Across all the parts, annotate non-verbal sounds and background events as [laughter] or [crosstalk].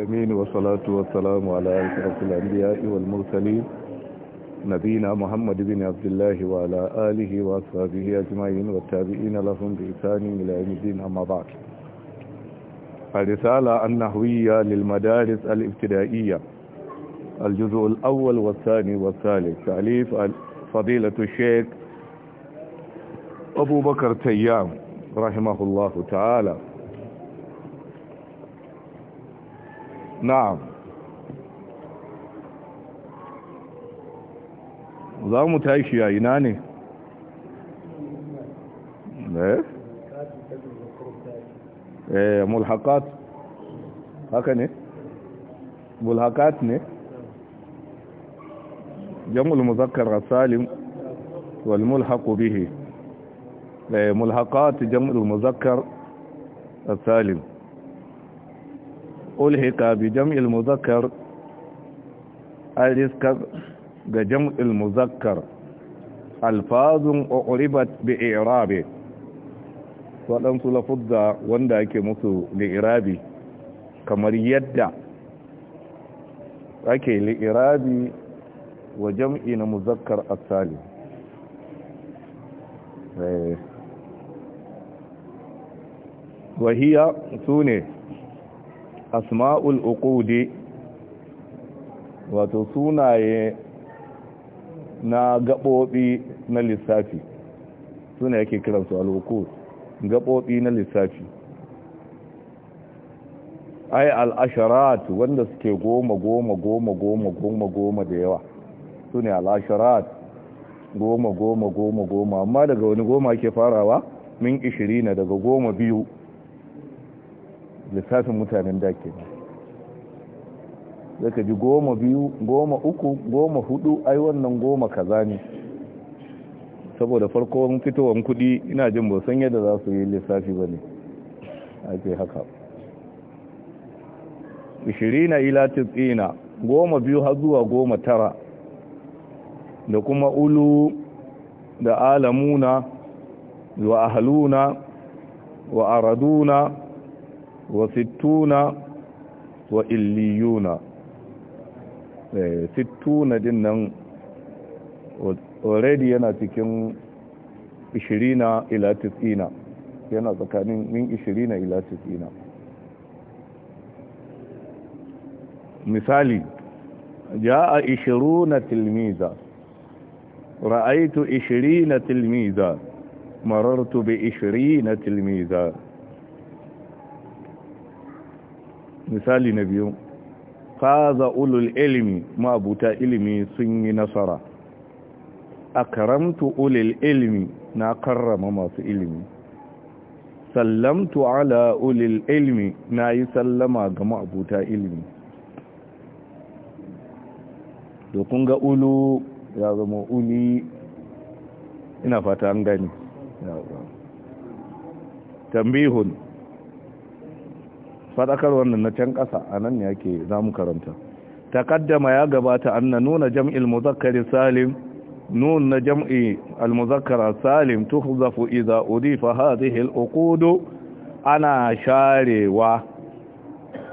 العالمين والصلاة والسلام على أشرف الأنبياء والمرسلين نبينا محمد بن عبد الله وعلى آله وأصحابه أجمعين والتابعين لهم بإحسان إلى يوم الدين أما بعد الرسالة النحوية للمدارس الابتدائية الجزء الأول والثاني والثالث تعليف فضيلة الشيخ أبو بكر تيام رحمه الله تعالى na'am za mu tashi a ina ne eh, eh mulhaqat haka ne mulhaqat ne jam'ul muzakkar salim wal mulhaq bihi eh, mulhaqat jam'ul muzakkar salim ulhika bi jam'il muzakkar an ga jam'il muzakkar alfazun uribat bi irabi waɗansu lafuzza wanda ake musu li'irabi kamar yadda ake li'irabi wa jam'i na muzakkar asali wahiya su ne asma'ul uqudi wato sunaye na gabobi na lissafi suna yake kiransu al-uqud gabobi na lissafi ay al-asharat wanda suke goma goma goma goma goma goma da yawa sune al-asharat goma goma goma goma amma daga wani goma ke farawa min 20 daga goma biyu lissafin mutanen da ke zaka ji goma biyu goma uku goma hudu ai wannan goma kaza ne saboda farkon fitowar kudi ina jin bosan yadda za su yi lissafi ba ne ake haka ishirina ila tsina goma biyu har zuwa goma tara da kuma ulu da alamuna wa ahaluna wa araduna وستون وإليون إيه، ستون جنن وردي أنا تكن إشرين إلى تسئين أنا ذكرني من إشرين إلى تسئين مثالي جاء إشرون تلميذا رأيت إشرين تلميذا مررت بإشرين تلميذا misali na biyu faza ulul ilimi mabuta ilimi sun yi nasara a karamtu ulul ilimi na karrama masu ilimi sallamtu ala ulul ilimi na yi sallama ga mabuta ilimi dokun kun ga ulu ya zama uli ina fata an gani tambihun fadakar wannan na can ƙasa a nan ne ake za mu karanta kaddama ya gabata an na nuna jam'il muzakkari salim nun na jam'i al salim tuhzafu zafu iza hadhihi al okudu ana sharewa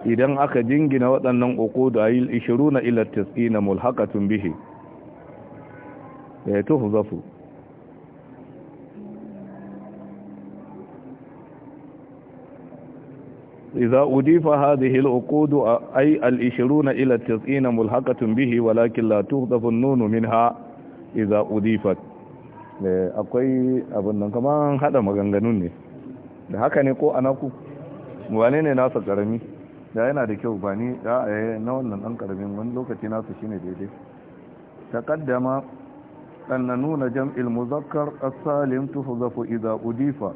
idan aka jingina waɗannan uqud ayil 20 ila 90 mulhaqatun bihi eh, zafu. إذا أضيف هذه العقود أي العشرون إلى التسعين ملحقة به ولكن لا تغضف النون منها إذا أضيفت akwai abin nan kamar hada maganganun ne da haka ne ko anaku wane ne nasa karami da yana da kyau ba ni da na wannan dan karamin wani lokaci nasu shine daidai ta taqaddama an nuna jam'il muzakkar as-salim tuhzafu idha udifa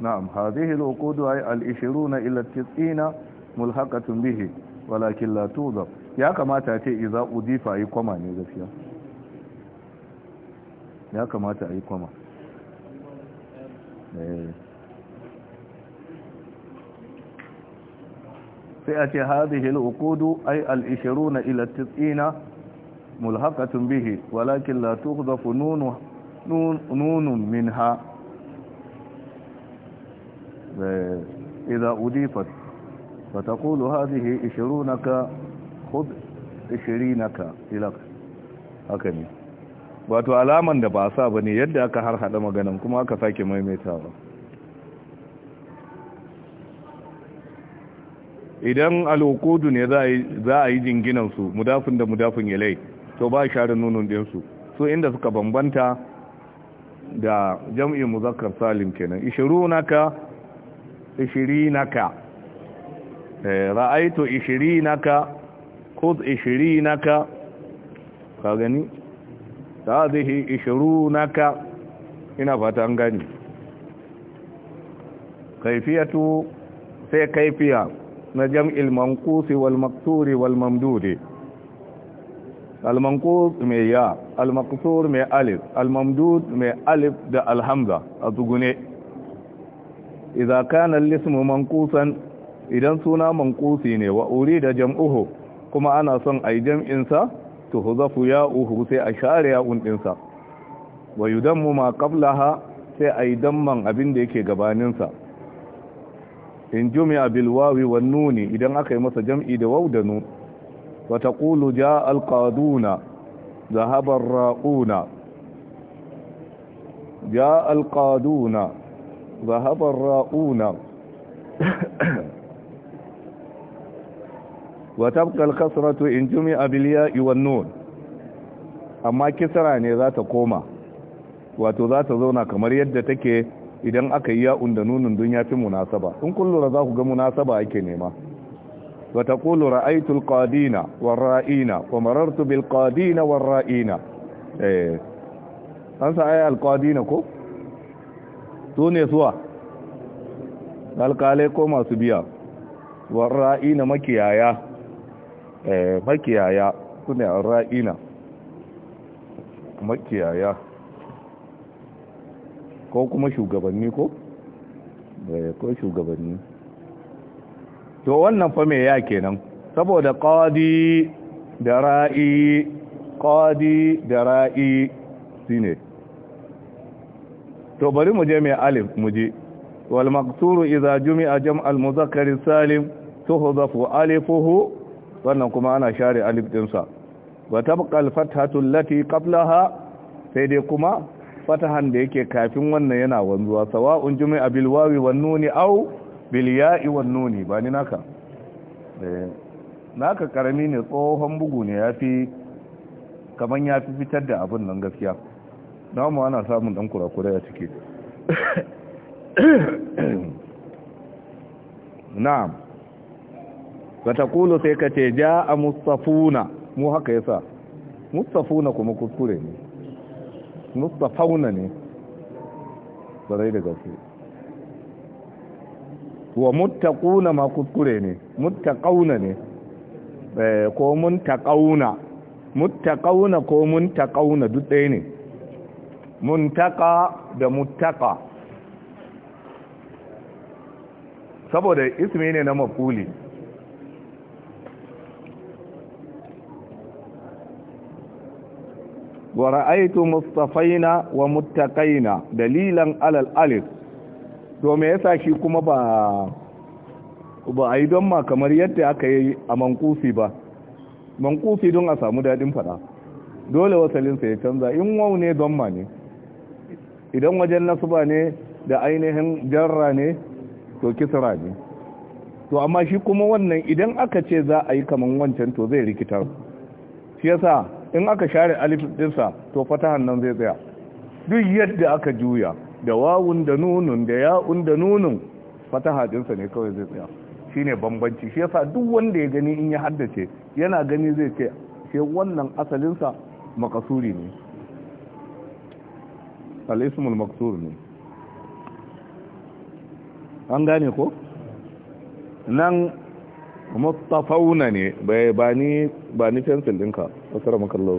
نعم هذه الوقود أي الإشرون إلى التسعين ملحقة به ولكن لا توضب يا كما تأتي إذا أضيف أي قمع نيزفيا يا كما تأتي قمع سيأتي هذه الوقود أي الإشرون إلى التسعين ملحقة به ولكن لا تغضف نون, نون, نون منها إذا أضيفت فتقول هذه عشرونك خذ عشرينك إلى هكذا wato alaman da ba sa ba ne yadda aka har hada maganan kuma aka sake maimaitawa idan alokodu ne za a yi jinginansu mudafin da mudafin yalai to ba share nunun ɗinsu su inda suka bambanta da jam'i muzakkar salim kenan ishirunaka ishirinaka eh, ra'aitu ishirinaka khudh ishirinaka ka gani hadhihi ishirunaka ina fata an gani kaifiyatu sai kaifiya na jam'il manqusi wal maqsuri wal mamdudi al manqus mai ya al maqsur mai alif al mamdud mai alif da al a tugune iza kana lismu mankusan idan suna mankusi ne wa da jam'uhu kuma ana son ai jam'in sa to huzafu ya'uhu sai a share ya'un ɗinsa sa wa yudammu ma qablaha sai ai damman abin da yake gabanin sa in jumi'a bil wawi wan nuni idan aka yi masa jam'i da waw da nun wa taqulu ja al-qaduna rauna ja al-qaduna ذهب الراؤون وتبقى الكسرة إن جمع بالياء والنون amma kisra ne za ta koma wato za ta zauna kamar yadda take idan aka yi ya'un da nunin dun ya fi munasaba in kullura za ku ga munasaba ake nema wa taqulu an ko su ne suwa alkalai ko masu biya warra'ina makiyaya eh makiyaya su ne warra'ina makiyaya ko kuma shugabanni ko eh, ko shugabanni to wannan fa mai ya kenan saboda qadi da ra'i qadi da ra'i shine to bari mu je mai alif mu je wal maqsuru idza jumi'a jam'al muzakkar salim tuhzafu alifuhu wannan kuma ana share alif din sa wa tabqa al fathatu allati qablaha sai dai kuma fatahan da yake kafin wannan yana wanzuwa sawa'un jumi'a bil wawi wan nuni aw bil ya'i wan nuni ba ni naka eh, naka karami ne tsohon bugu ne yafi kaman yafi fitar da abin nan gaskiya namu ana samun ɗan kurakurai a ciki na'am ka ta kulu sai ka ce ja a mustafuna mu haka yasa mustafuna kuma kuskure ne mustafauna ne sarai da gaske wa mutakuna ma kuskure ne mutakauna ne eh, ko mun taqauna muttaqauna ko mun taqauna duk ɗaya ne muntaka da muttaka saboda ismi ne na mafuli wa ra'aytu mustafaina wa muttaqaina dalilan al alif to me yasa shi kuma ba ba ai don ma kamar yadda aka yi a mankufi ba don a samu dadin fada dole wasalin sa ya canza in wau ne don ma ne idan wajen nasuba ne da ainihin jarra ne to kisra ne to amma shi kuma wannan idan aka ce za a yi kaman wancan to zai rikitar shi yasa in aka share alif dinsa to fatahan nan zai tsaya duk yadda aka juya da wawun da nunun da ya'un da nunun fataha dinsa ne kawai zai tsaya shine bambanci shi yasa duk wanda ya gani in ya haddace yana gani zai ce shi wannan asalinsa makasuri ne al'ismul maksur ne an gane ko nan mustafauna ne bai ba ni ba ni fensil dinka wasara makallau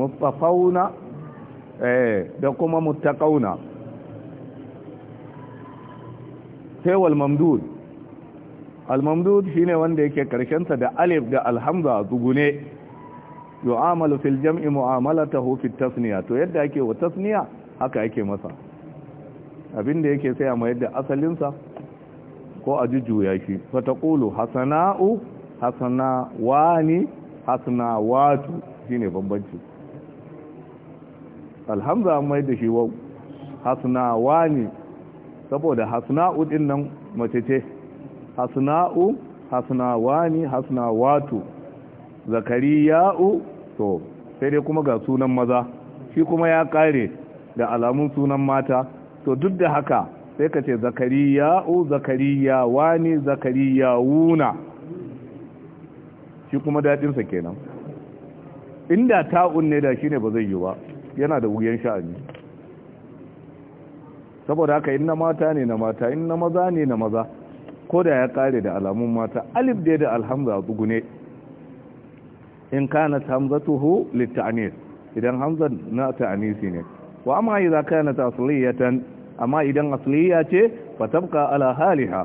mustafauna eh da kuma muttaqauna sai wal mamdud al mamdud shine wanda yake karshen sa da alif da alhamza zugune yu'amalu fil jam'i mu'amalatahu fit tasniya to yadda ake wa tasniya haka ake masa abinda yake sai a mayar da asalin sa ko a jujjuya shi fa taqulu hasana'u hasana wani hasana watu shine bambanci alhamza an mayar da shi wa hasana wani saboda hasana'u din nan mace ce hasana'u hasana wani hasana watu zakariya'u to sai dai kuma ga sunan maza shi kuma ya kare da alamun sunan mata to duk da haka sai ka ce zakariya u zakariya wani zakariya wuna shi kuma daɗinsa kenan inda ta'un ne da shi ne ba zai yi ba yana da wuyan sha'ani saboda haka in na mata ne na mata in maza ne na maza ko da ya kare da alamun mata alif dai da alhamza a tsugune in kanat hamzatuhu litta'anis idan hamza na ta'anisi ne wa amma idza kanat asliyatan amma idan asliya ce fa tabqa ala haliha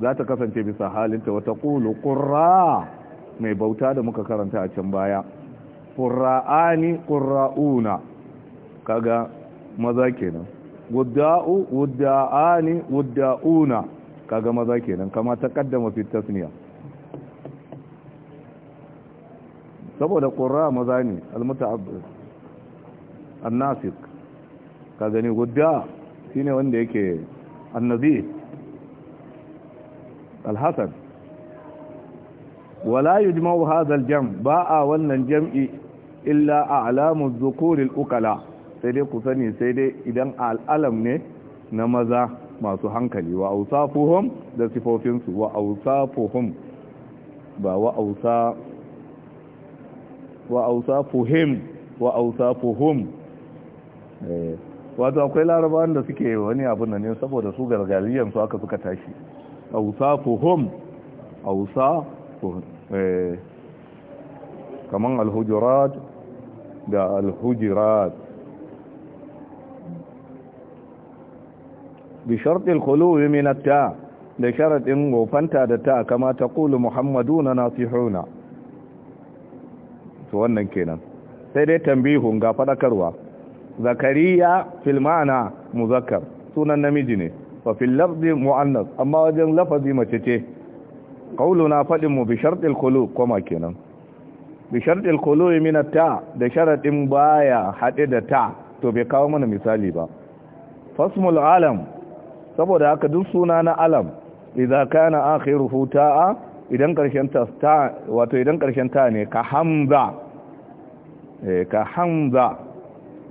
za ta kasance bisa halinta wa taqulu qurra mai bauta da muka karanta a can baya qurra'ani qurra'una kaga maza kenan wudda'u wudda'ani wudda'una kaga maza kenan kama taqaddama fi tasniya saboda ƙura maza ne almuta'abbas annasik ka gani shi shine wanda yake annabi alhasan wala yujma'u jam ba a wannan jam'i illa a alamun zukurin ukala sai dai ku sani sai dai idan al'alam ne na maza masu hankali wa fuhun da sifofinsu wa fuhun ba wa ausa wa awsafuhum wa eh, wato akwai larabawan da suke wani abu nan ne saboda su gargaliyan su aka suka tashi awsafuhum awsafuhum eh kaman alhujurat da alhujurat bi shartil khuluwi min minatta ta da sharaɗin gofanta da ta kama muhammadu na nasihuna to wannan kenan sai dai tambihun ga fadakarwa zakariya fil ma'ana muzakkar sunan namiji ne fa fil lafzi muannas amma wajen lafazi mace ce qauluna fadin mu bi shartil qulub kuma kenan bi shartil qulub min ta da sharadin baya hade da ta to bai kawo mana misali ba fasmul alam saboda haka duk suna na alam idza kana akhiruhu ta'a idan karshen ta wato idan karshen ta ne ka hamza eh, ka hamza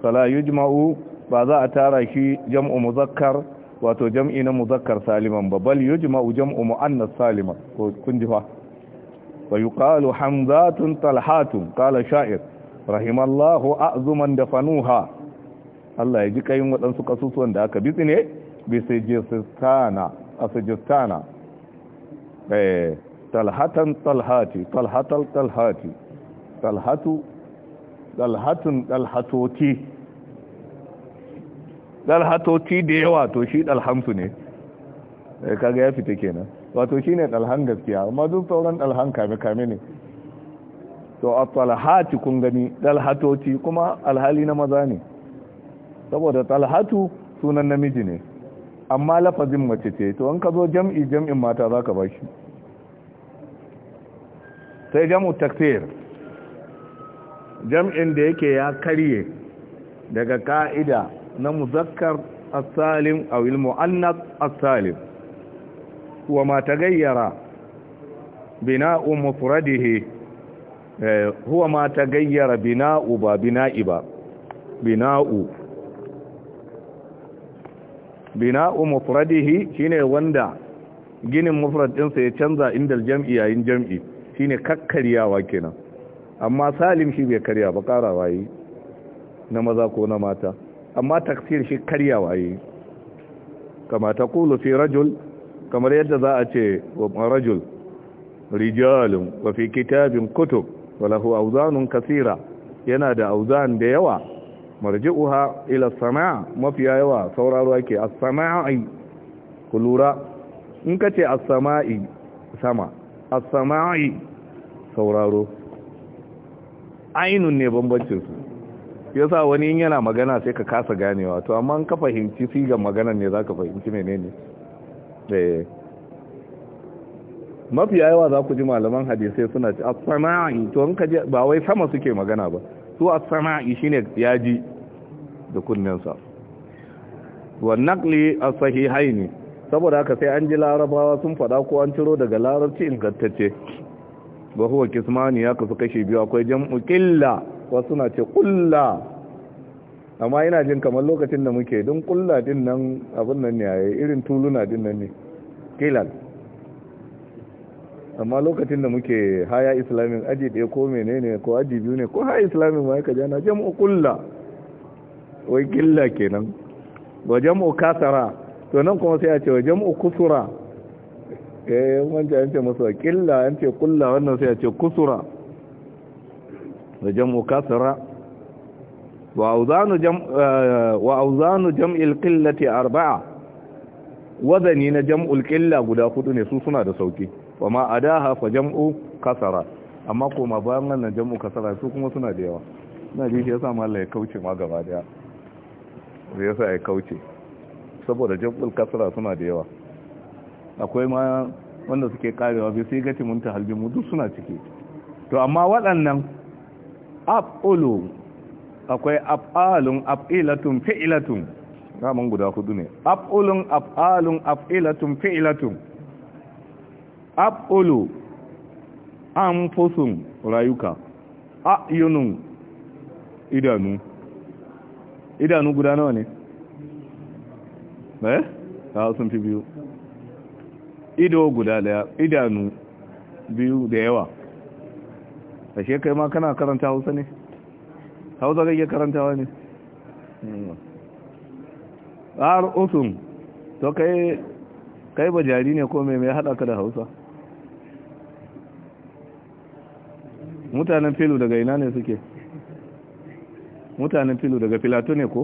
fala yujma'u ba za a tara shi jam'u muzakkar wato jam'i na muzakkar saliman ba bal yujma'u jam'u muannas saliman ko kun ji fa wa yuqalu hamzatun talhatun qala sha'ir rahimallahu a'zuman dafanuha Allah ya ji kayin waɗansu kasusuwan da aka bitsi ne bisajistana asajistana eh talhatan talhati talhatal talhati talhatu dalhatun dalhatoti dalhatoti da yawa to shi dalhamsu ne eh, kaga ya fita kenan wato shi ne dalhan gaskiya amma duk sauran dalhan kame-kame ne to a talhati kun gani dalhatoti kuma alhali na maza ne saboda talhatu sunan namiji ne amma lafazin mace ce to an ka zo jam'i jam'in mata za ka ba shi sai jam'u takfir jam'in da yake ya karye daga ka'ida na muzakkar asalin a aw annas asalin as wa ma tagayyara bina'u mufradihi eh, huwa ma tagayyara bina'u ba bina'i ba bina'u bina'u mufradihi shine wanda ginin mufrad ya canza indal jam'i yayin jam'i shine kakkaryawa kenan amma salim shi bai karya ba kara yi na maza ko na mata amma taksir shi karyawa yi kama ta kulu fi rajul kamar yadda za a ce wa rajul rijalun wa fi kitabin kutub wala auzanun kasira yana da auzan da yawa marji'uha ila sama mafiya yawa sauraro ake as-sama'i kulura in ka as-sama'i sama as-sama'i sauraro ainun ne bambancinsu yasa wani in yana magana sai ka kasa ganewa to amma ka fahimci sigar maganar ne za ka fahimci menene eh. mafi yawa za ku ji malaman hadisai suna ci as to in ka ba wai sama suke magana ba su shi ne shine ji da kunnensa wa a sahihai ne saboda haka sai an ji larabawa sun fada ko an ciro daga larabci ingantacce wa huwa kismani ya kasu kashi biyu akwai jam'u qilla wasu na ce qulla amma ina jin kamar lokacin da muke don kulla din nan abin nan ne yayi irin tuluna din nan ne qilal amma lokacin da muke haya islamin aji ɗaya ko menene ko aji biyu ne ko haya islamin ma yaka jana jam'u kulla wai killa kenan wa jam'u kasara to nan kuma sai a ce wa jam'u kusura eh wanda an ce masa killa an ce kulla wannan sai a ce kusura da jam'u kasra wa auzanu jam eh, wa auzanu jam'il qillati arba'a wazani na jam'ul qilla guda hudu ne su suna da sauki a adaha fa jam'u kasara amma kuma bayan nan wannan jam'u kasara su kuma suna da yawa ina ji shi ya sa yasa ya kauce ma gaba daya ya sa ya kauce saboda jam'u kasara suna da yawa akwai ma wanda suke karewa bai sai gati mun halbi mu duk suna ciki to amma waɗannan af'ulu akwai af'alun af'ilatun fi'ilatun ramin guda hudu ne af'ulun af'alun af'ilatun fi'ilatun af'ulu anfusun rayuka ayunun idanu idanu guda nawa ne eh ta sun fi biyu ido guda daya idanu biyu da yawa a kai ma kana karanta hausa ne hausa kake karantawa ne har usun to kai kai ba jari ne ko mai mai hada ka da hausa mutanen filu daga ina ne suke mutanen filu daga filato ne ko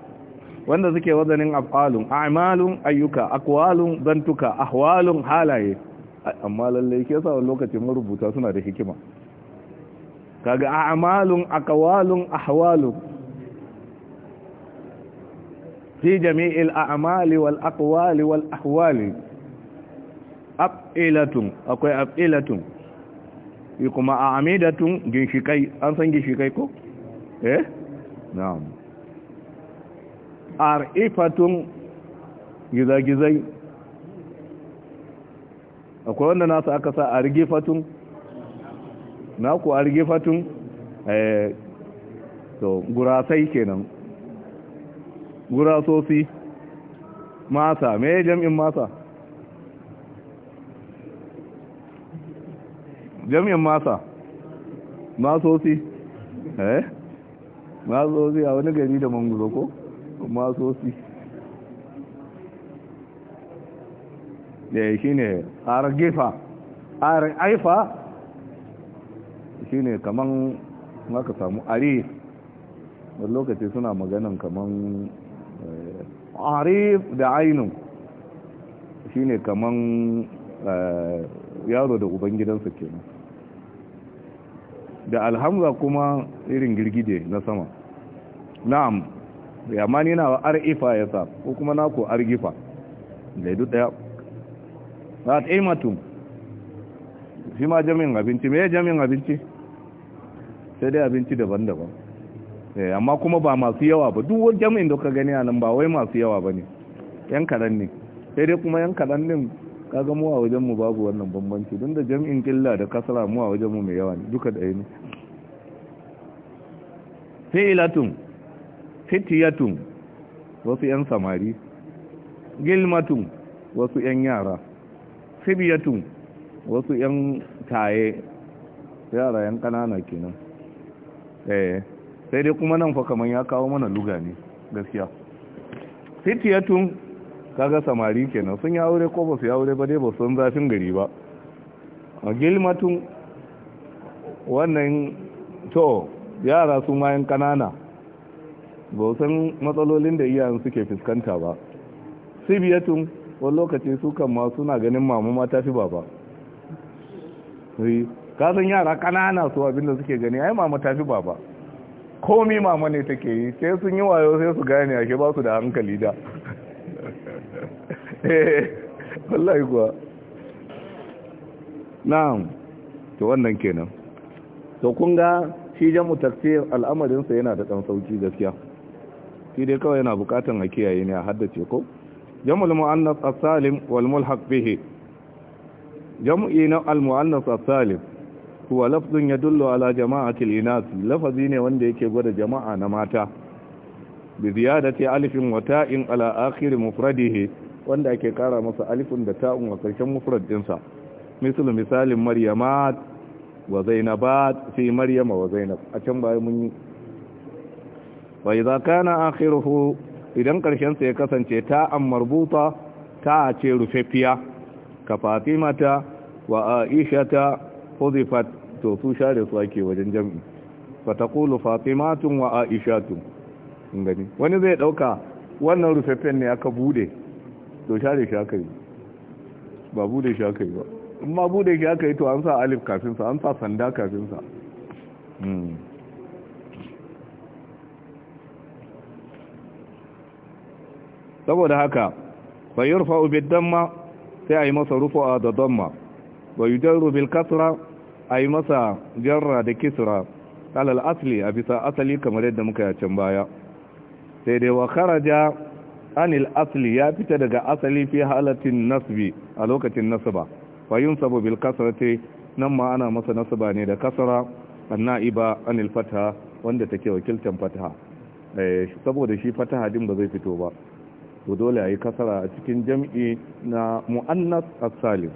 wanda suke wazanin af'alun a'malun ayyuka aqwalun zantuka ahwalun halaye amma lalle ke sa wani lokacin marubuta suna da hikima kaga a'malun aqwalun ahwalun fi jami'il a'mali wal aqwali wal ahwali af'ilatun akwai af'ilatun kuma a'amidatun ginshikai an san ginshikai ko eh na'am ar'ifatun gizagizai akwai wanda nasu aka sa argifatun naku argifatun eh to gurasai kenan gurasosi masa me jam'in masa jam'in masa masosi eh masosi a wani gari da manguzo ko masosi da eh, shi ne argifa aifa shi ne kaman maka samu ari da lokaci suna maganin kaman eh, arif da ainihin shi ne kaman eh, yaro da ubangidansa kenan da alhamza kuma irin girgide na sama na'am amma ni nawa ar'ifa ya sa ko kuma na ku argifa da duk daya za ta matu shi ma jami'in abinci me jami'in abinci sai dai abinci daban-daban eh, amma kuma ba masu yawa ba duk jami'in da ka gani a nan ba wai masu yawa ba ne yan kaɗan ne sai dai kuma yan kaɗan ka ga mu a wajenmu babu wannan bambanci don da jami'in killa da kasara mu a wajenmu mai yawa ne duka ɗaya ne Sai ilatun fitiyatun wasu 'yan samari gilmatun wasu 'yan yara sibiyatun wasu 'yan taye yara 'yan kanana kenan eh sai dai kuma nan fa kaman ya kawo mana luga ne gaskiya fitiyatun kaga samari kenan sun ya aure ko ba su ya aure ba dai ba sun zafin gari ba a gilmatun wannan to yara su ma 'yan kanana ba san matsalolin da iyayen suke fuskanta ba sibiyatun wani lokaci su kan ma suna ganin mamu ma ta fi baba ka san yara kanana su abinda suke gani ai mama ta fi baba komi mama ne take yi sai sun yi wayo sai su gane ake ba su da hankali da [laughs] eh, wallahi kuwa na'am to wannan kenan to kun ga shi jamu tafsir al'amarin sa yana da ɗan sauki gaskiya shi dai kawai yana bukatan a kiyaye ne a haddace ko jam'ul mu'annas as-salim wal mulhaq bihi jam'i na al mu'annas as-salim huwa lafzun yadullu ala jama'ati al-inas lafazi ne wanda yake gwada jama'a na mata bi ziyadati alifin wa ta'in ala akhir mufradihi wanda ake kara masa alifin da ta'un a karshen mufrad dinsa misalin maryamat wa zainabat fi maryama wa zainab a can baya mun yi wa idza kana akhiruhu idan karshen sa ya kasance ta am marbuta ta ce rufefiya ka fatimata wa aishata hudifat to su share su ake wajen jami'i fa taqulu fatimatun wa aishatun gani wani zai dauka wannan rufefen ne aka bude to share shi aka yi ba bude shi aka yi ba in ma bude shi aka yi to an sa alif kafin sa an sa sanda kafin sa hmm. saboda haka fa yurfa'u bid damma sai ayi masa rufu'a da damma wa yujarru bil kasra ayi masa jarra da kisra alal asli a bisa asali kamar yadda muka yi baya sai dai wa kharaja anil asli ya fita daga asali fi halatin nasbi a lokacin nasaba fa yunsabu bil kasrati nan ma ana masa nasaba ne da kasra annaiba anil fatha wanda take wakiltan fataha eh, saboda shi fataha din ba zai fito ba to dole a yi kasara a cikin jam'i na mu'annas as-salim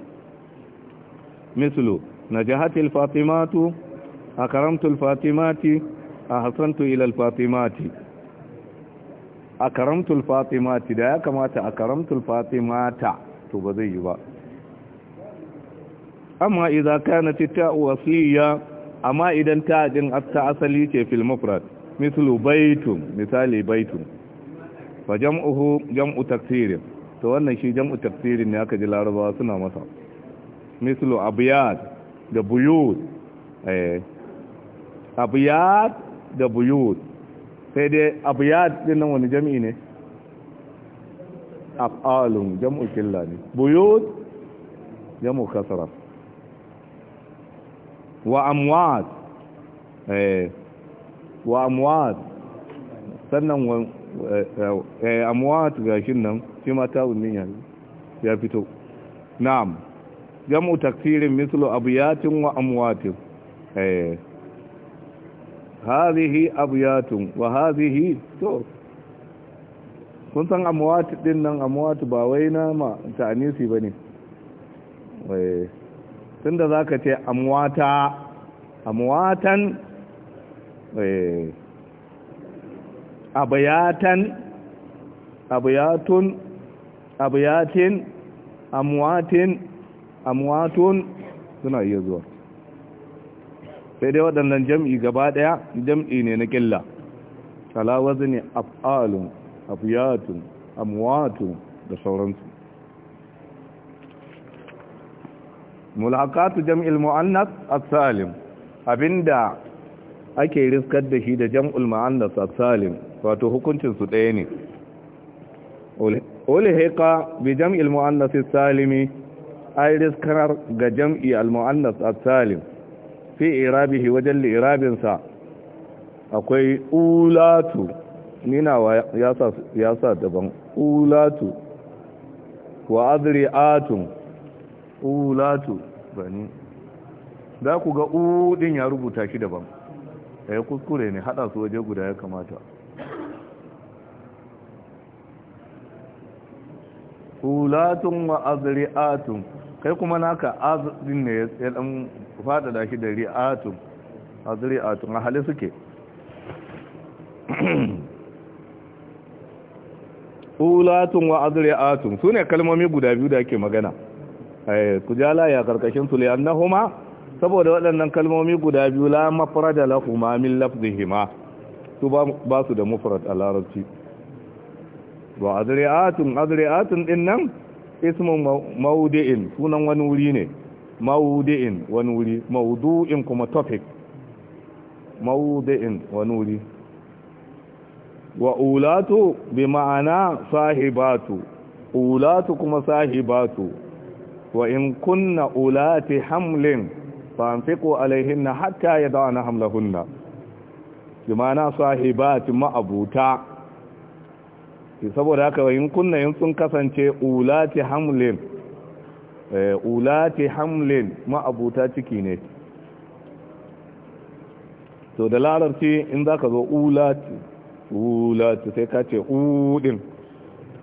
mislu najahatil fatimatu a akaramtul fatimati a ila al-fatimati a akaramtul fatimati da ya kamata a akaramtul fatimata to ba zai yi ba amma idza kanat ta'u wasliya amma idan ta din asali ce fil mufrad mislu baitun misali baitun fa jam'uhu jam'u taksirin to wannan shi jam'u taksirin ne aka ji larabawa suna masa mislu abiyat da buyut eh abiyat da buyut sai dai abiyat din nan wani jam'i ne af'alun jam'u killa ne buyut jam'u kasra wa amwat eh wa amwat sannan Eh, eh, amwat gashin nan shi ma ta'un din yanzu ya fito na'am jam'u taksirin mislu abiyatin wa amwatin eh hadhihi abiyatun wa hadhihi to kun san amwat din nan amwat ba wai na ma ta'anisi bane eh tunda zaka ce amwata amwatan eh abayatan abayatun abayatin amwatin amwatun suna iya zuwa sai dai waɗannan jam'i gaba ɗaya jam'i ne na ƙilla talawazi ne af'alun afiyatun amwatun da sauransu mulakatu jam'il mu'annas a salim abinda ake riskar da shi da jam'ul mu'annas a salim wato hukuncin su ɗaya ne ulhiqa bi jam'i al-mu'annas salimi iris rizkanar ga jam'i al-mu'annas as-salim fi irabihi wajen irabin sa akwai ulatu nina wa yasa yasa daban ulatu wa adri'atun ulatu bani za ku ga u din ya rubuta shi daban ya eh, kuskure ne hada su waje guda ya kamata hulatun wa azri'atun kai kuma naka azrin ne ya dan fada da shi da ri'atun azri'atun a hali suke hulatun [clears throat] wa azri'atun sune kalmomi guda biyu da ake magana eh kujala ya karkashin su li'annahuma saboda waɗannan kalmomi guda biyu la mafrada lahuma min lafzihima su ba su da mufrad a larabci wa azri'atun azri'atun din nan ismun maudi'in sunan wani wuri ne maudi'in wani wuri maudu'in kuma topic maudi'in wani wuri wa ulatu bi ma'ana sahibatu ulatu kuma sahibatu wa in kunna ulati hamlin anfiqu alaihinna hatta yada'na hamlahunna bi ma'ana sahibatu ma'abuta saboda haka in kunna yin sun kasance ulati hamlin eh, ulati hamlin ma'abuta ciki ne to da larabci in za ka zo ulati ulati sai ka ce udin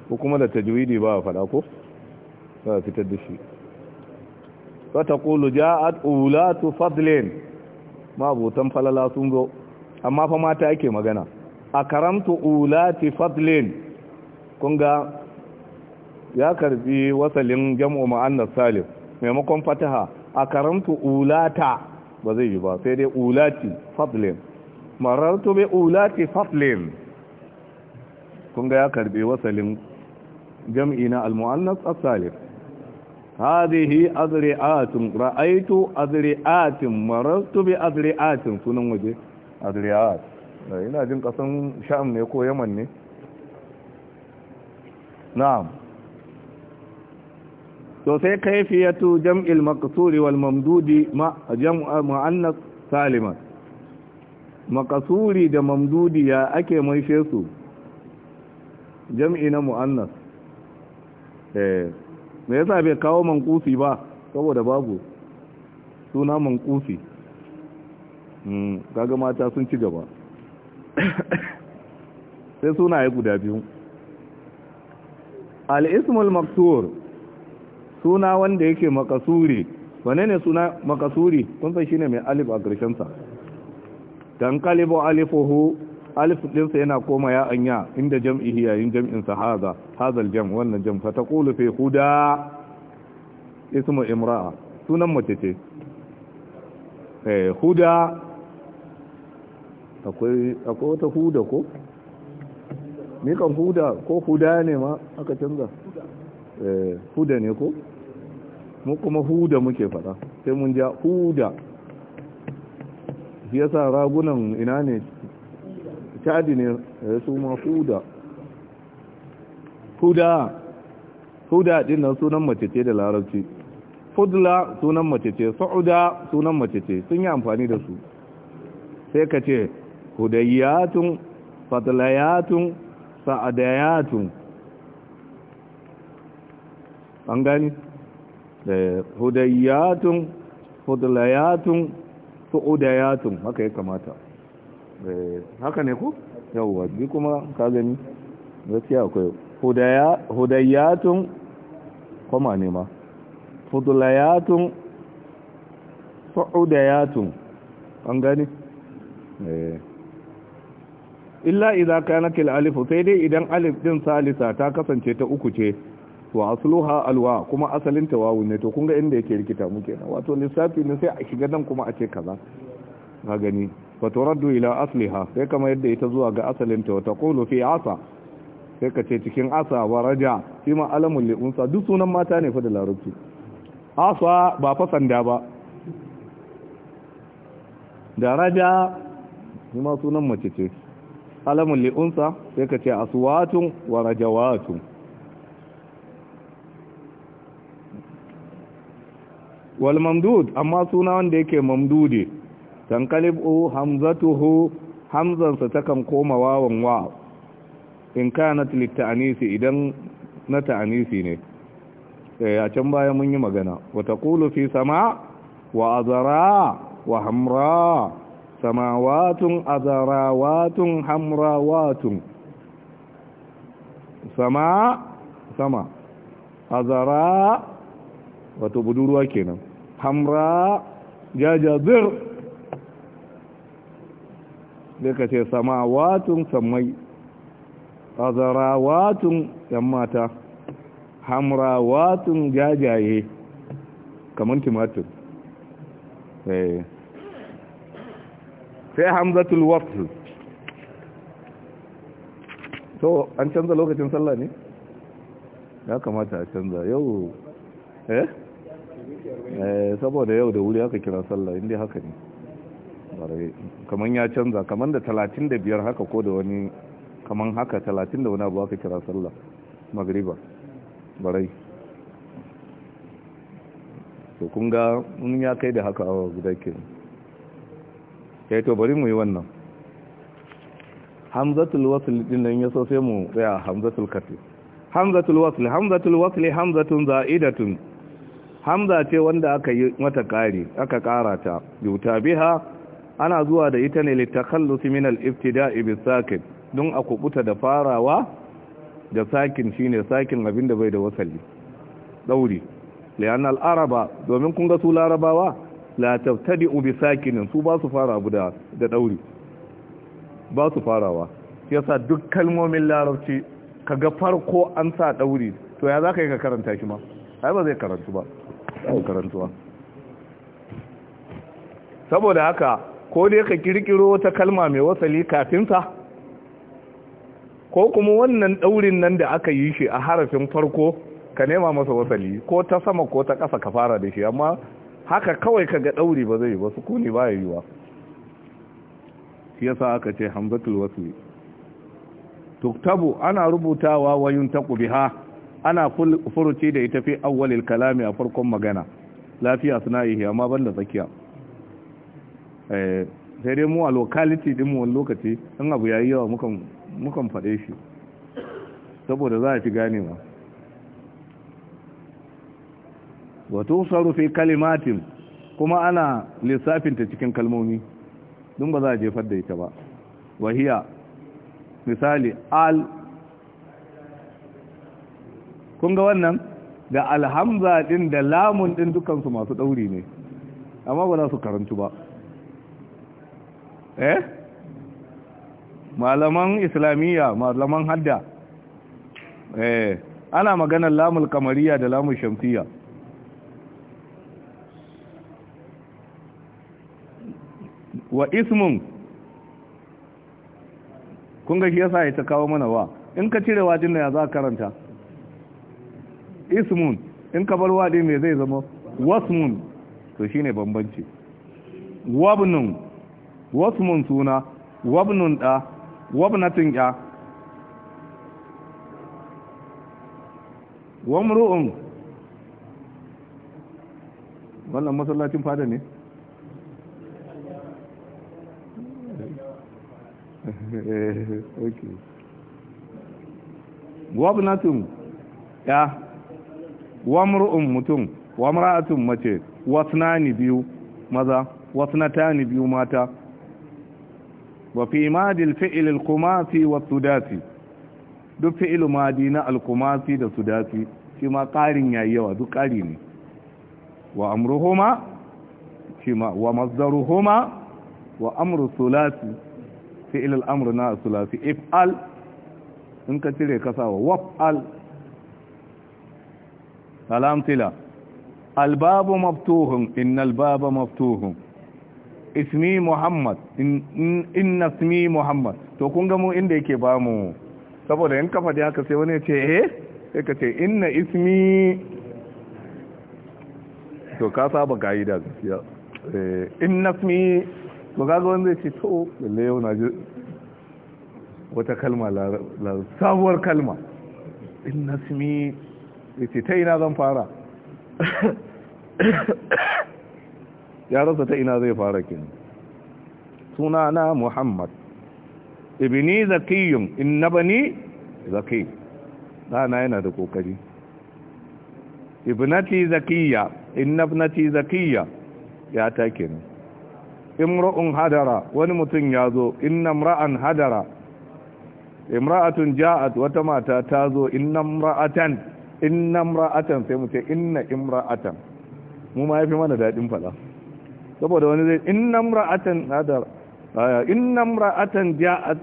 ko kuma da tajwidi ba a faɗa ko za a fitar da shi wata ƙulu ja'ad ulatu fadlin ma'abutan falala sun zo amma fa mata ake magana a karamtu ulati fadlin kun ga ya karbi wasalin jam'u ma'annas salim maimakon fataha a karamtu ulata ba zai yi ba sai dai ulati fadlin marartu bi ulati fadlin kun ga ya karbi wasalin jam'i na al-mu'annas as-salim hadihi azri'atun ra'aytu azri'atin marartu bi azri'atin sunan waje azri'at eh, ina jin kasan sham ne ko yaman ne na'am to sai kayfiyatu jam'il maqsuri wal mamdudi ma jam'a muannas salima maqsuri da mamdudi ya ake maishe su jam'i na muannas eh me yasa bai kawo manqusi ba saboda babu suna manqusi hmm, kaga mata sun ci gaba [coughs] sai suna ya guda biyu al-ismul suna wanda yake makasuri wane ne suna makasuri kun san shi ne mai alif a ƙarshen sa kalibu alifuhu alif din yana koma ya anya inda jam'ihi yayin jam’insa haza hazal jam wannan jam fa taqulu fi huda ismu imra'a sunan mace ce eh, huda akwai wata huda ko mikan huda ko huda ne ma aka canza eh, huda ne ko mu kuma huda muke fada sai mun ja huda shi yasa ragunan ina ne cadi ne eh, su ma huda huda huda din nan sunan mace ce da larabci fudla sunan mace ce sa'uda sunan mace ce sun yi amfani da su sai ka ce hudayyatun fadlayatun sa'adayatun an gani da eh, hudayatun hudulayatun su'udayatun haka ya kamata eh, haka ne ku yawwa bi kuma ka gani gaskiya akwai hudayatun kuma ne ma hudulayatun su'udayatun an gani eh illa idza kanat alif sai dai idan alif din salisa ta kasance ta uku ce wa asluha alwa kuma asalin ta wawu ne to kun ga inda yake rikita mu kenan wato lissafi ne sai a shiga nan kuma a ce kaza ga gani fa turaddu ila asliha sai kama yadda ita zuwa ga asalin ta ta qulu fi asa sai ka ce cikin asa wa raja shi ma alamul li unsa duk sunan mata ne fa da larabci asa ba fa sanda ba da raja shi sunan mace ce alamun li'unsa sai ka ce aswatun wa rajawatun wal mamdud amma suna wanda yake mamdude tankalibu hamzatuhu hamzansa takan koma wawan wa in kanat litta'anisi idan na ta'anisi ne eh, a can baya mun yi magana wata taqulu fi sama wa azara wa hamra samawatun azarawatun hamrawatun sama sama azara wato budurwa kenan hamra jajazir zai ka ce samawatun sammai azarawatun yan mata hamrawatun jajaye kamar timatir eh sai hamzatul wasl to an canza lokacin sallah ne ya kamata a canza yau eh, eh saboda yau da wuri haka kira sallah inda haka ne kamar ya canza kamar da talatin da biyar haka ko da wani kamar haka talatin da wani abu haka kira sallah magriba barai to kun ga ya kai da haka awa guda kenan sai to bari mu yi wannan hamzatul wasl din nan so sai mu tsaya hamzatul kasr hamzatul wasl hamzatul wasl hamzatun za'idatun hamza ce wanda aka yi mata kare aka kara ta yuta biha ana zuwa da ita ne litakhallus min al-ibtida'i bis-sakin don a kubuta da farawa da sakin shine sakin abinda bai da wasali dauri li'anna al-araba domin kun ga su larabawa la tabtadi'u bi sakinin su ba su fara abu da da dauri ba su farawa yasa duk kalmomin larabci kaga farko an sa dauri to ya zaka yi ka karanta shi ma ai ba zai karantu ba ai karantuwa saboda haka ko dai ka kirkiro wata kalma mai wasali kafin sa ko kuma wannan daurin nan da aka yi shi a harafin farko ka nema masa wasali ko ta sama ko ta ƙasa ka fara da shi amma haka kawai ka ga ɗauri ba zai ba su ba ya yiwa shi yasa aka ce hamzatul wasli tuktabu ana rubutawa wa yuntaqu biha ana furuci da ita fi awwalil kalami a farkon magana lafiya suna yi amma banda tsakiya eh sai dai mu a locality din mu wani lokaci in abu yayi yawa mukan mukan fade shi saboda za a fi ganewa wato sarufi kalimatin kuma ana lissafinta cikin kalmomi don ba za a jefar da ita ba wahiya misali al kun ga wannan da alhamza din da lamun din dukansu masu ɗauri ne amma ba za su karantu ba eh malaman islamiyya malaman hadda eh ana maganar lamul kamariya da lamul shamsiyya wa ismun kun ga shi yasa ya ta kawo mana wa in ka cire wajin da ya za karanta ismun in ka bar wadi me zai zama wasmun to shi ne bambanci wabnun wasmun suna wabnun ɗa wabnatin ya wamru'un wannan masallacin fada ne gwamnatin eh, ya wamru'un mutum wamra'atun mace wasnani biyu maza wasnatani biyu mata wa fi madil fi'il al-kumasi wa sudasi duk fi'il madi na al-kumasi da sudasi shi ma ƙarin yayi yawa duk ƙari ne wa amruhuma shi ma wa mazdaruhuma wa amru sulasi fi'il al'amur na sulasi if'al in ka cire kasawa waf'al salamtila albabu maftuhun innal baba maftuhun ismi muhammad inna ismi muhammad to kun ga mu inda yake ba mu saboda in kafa da haka sai wani ce eh sai ka ce inna ismi to ka saba ga'ida gaskiya eh, inna ismi ba ga wanda zai ce to lalle yau na ji wata kalma sabuwar kalma in nasmi ya ce ta ina zan fara [coughs] ya rasa ta ina zai fara kin suna na muhammad ibini zakiyun na bani zaki dana yana da kokari ibnati zakiya na ibnati zakiya ya ta kenan imra'un hadara wani mutum ya zo inna imra'an hadara imra'atun ja'at wata mata ta zo inna imra'atan inna imra'atan sai mu ce inna imra'atan mu ma yafi mana dadin fada saboda wani zai inna imra'atan hadara inna imra'atan ja'at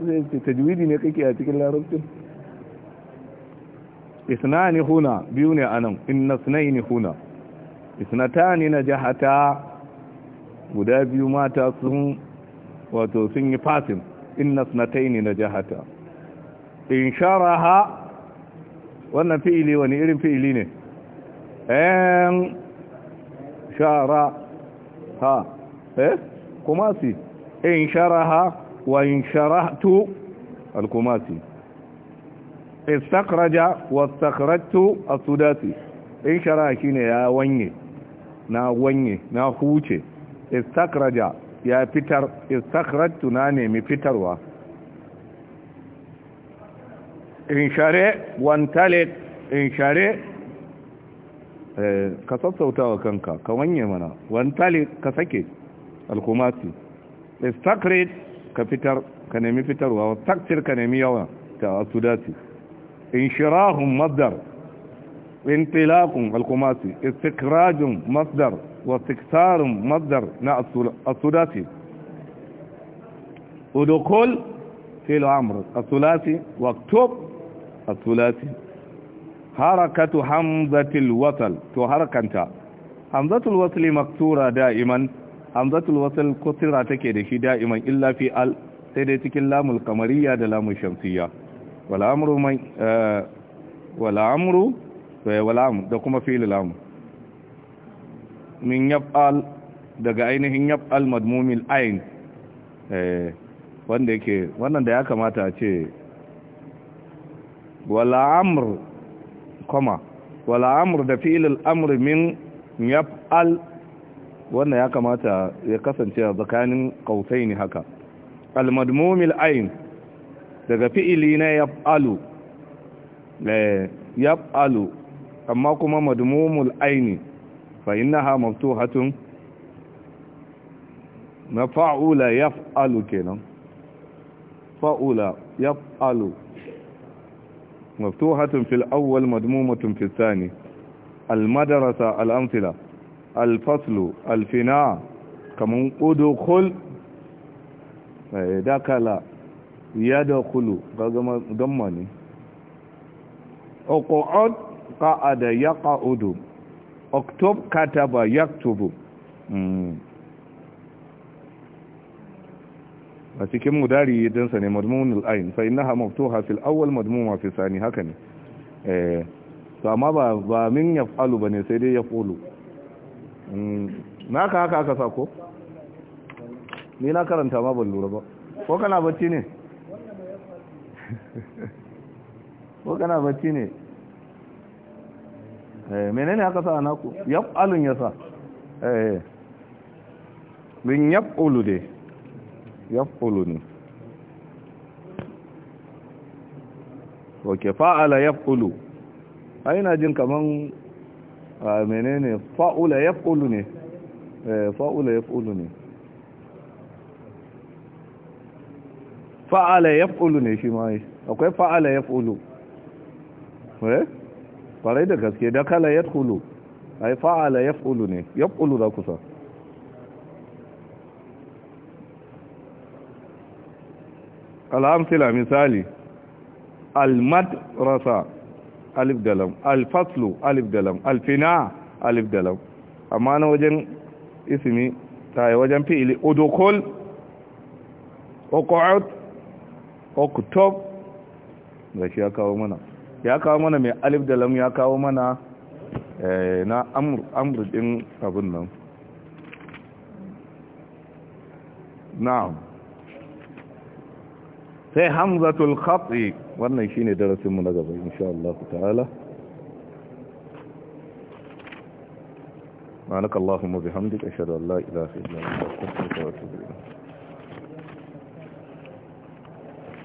tajwidi ne kake a cikin larabcin isnani huna biyu ne anan inna sunaini huna isnatani najahata guda biyu mata sun wato sun yi fasin inna sunataini na jahata in shara ha. wannan fi'ili wani irin fi'ili ne en shara ha eh kumasi in shara ha wa in tu al-kumasi istakraja wa istakhrajtu a sudasi in shi ne ya wanye na wanye na huce استخرج يا بيتر تناني مي بيتر وا ان شارع وانتلق ان شارع إيه، كسب صوتك كانك كوني منا وانتلق كسكي الكوماتي استخرج كبيتر كنمي بيتر وا استخرج كنمي يوا تا سوداتي انشراهم مصدر انطلاق الخماسي استخراج مصدر واستكثار مصدر ناء الثلاثي ودخول في الامر الثلاثي واكتب الثلاثي حركة حمزة الوصل تو حركة حمزة الوصل مكسورة دائما حمزة الوصل كسرة take دائما إلا في ال سيدتك اللام القمرية دلام الشمسية والأمر من آه... والأمر Eh, walam da kuma fili lamu min yab'al daga ainihin yab'al madmumil ayn eh, wanda yake wannan da ya kamata a ce wala amur. koma wala amur da fi'il amr min yab'al wannan ya kamata ya kasance a tsakanin kautaini haka al madmumil ayn daga fi'ili na yab'alu eh, yab'alu. amma kuma madmumul aini fa innaha maftuhatun mafa'ula yaf'alu kenan fa'ula yaf'alu maftuhatun fil awwal madmumatun fis thani al madrasa al amthila al faslu al fina kaman udkhul eh, dakala yadkhulu gaga gamma ne qa'ada yaq'udu uktub kataba yaktubu a cikin mudari din sa ne madmunul ayn fa innaha maftuha awwal madmuma fi thani haka ne eh to amma ba ba min yaf'alu bane sai dai yaqulu na ka haka aka sako ni na karanta ma ban lura ba ko kana bacci bacci ne Eh, menene aka sa naku yaf'alun yasa eh bin yaf'ulu dai yaf'ulu ne wake fa'ala yaf'ulu ai na jin kaman menene fa'ula Ulu ne eh fa'ula Ulu ne fa'ala Ulu ne shi mai akwai fa'ala yaf'ulu eh kwarai da gaske da kala ya a yi fa'ala ya fulu ne ya fulu za kusa al'amsila misali al-madrasa alif dalam al-faslu alif dalam al-fina alif dalam amma na wajen isimi ta yi wajen fi'ili udukul uqud oktob da shi ya kawo mana ya kawo mana mai alif da lam ya kawo mana eh, na amur din abin nan na'am sai hamzatul khat'i wannan shine darasin mu na gaba insha Allah ta'ala مالك اللهم بحمدك أشهد أن إله إلا أنت أستغفرك وأتوب إليك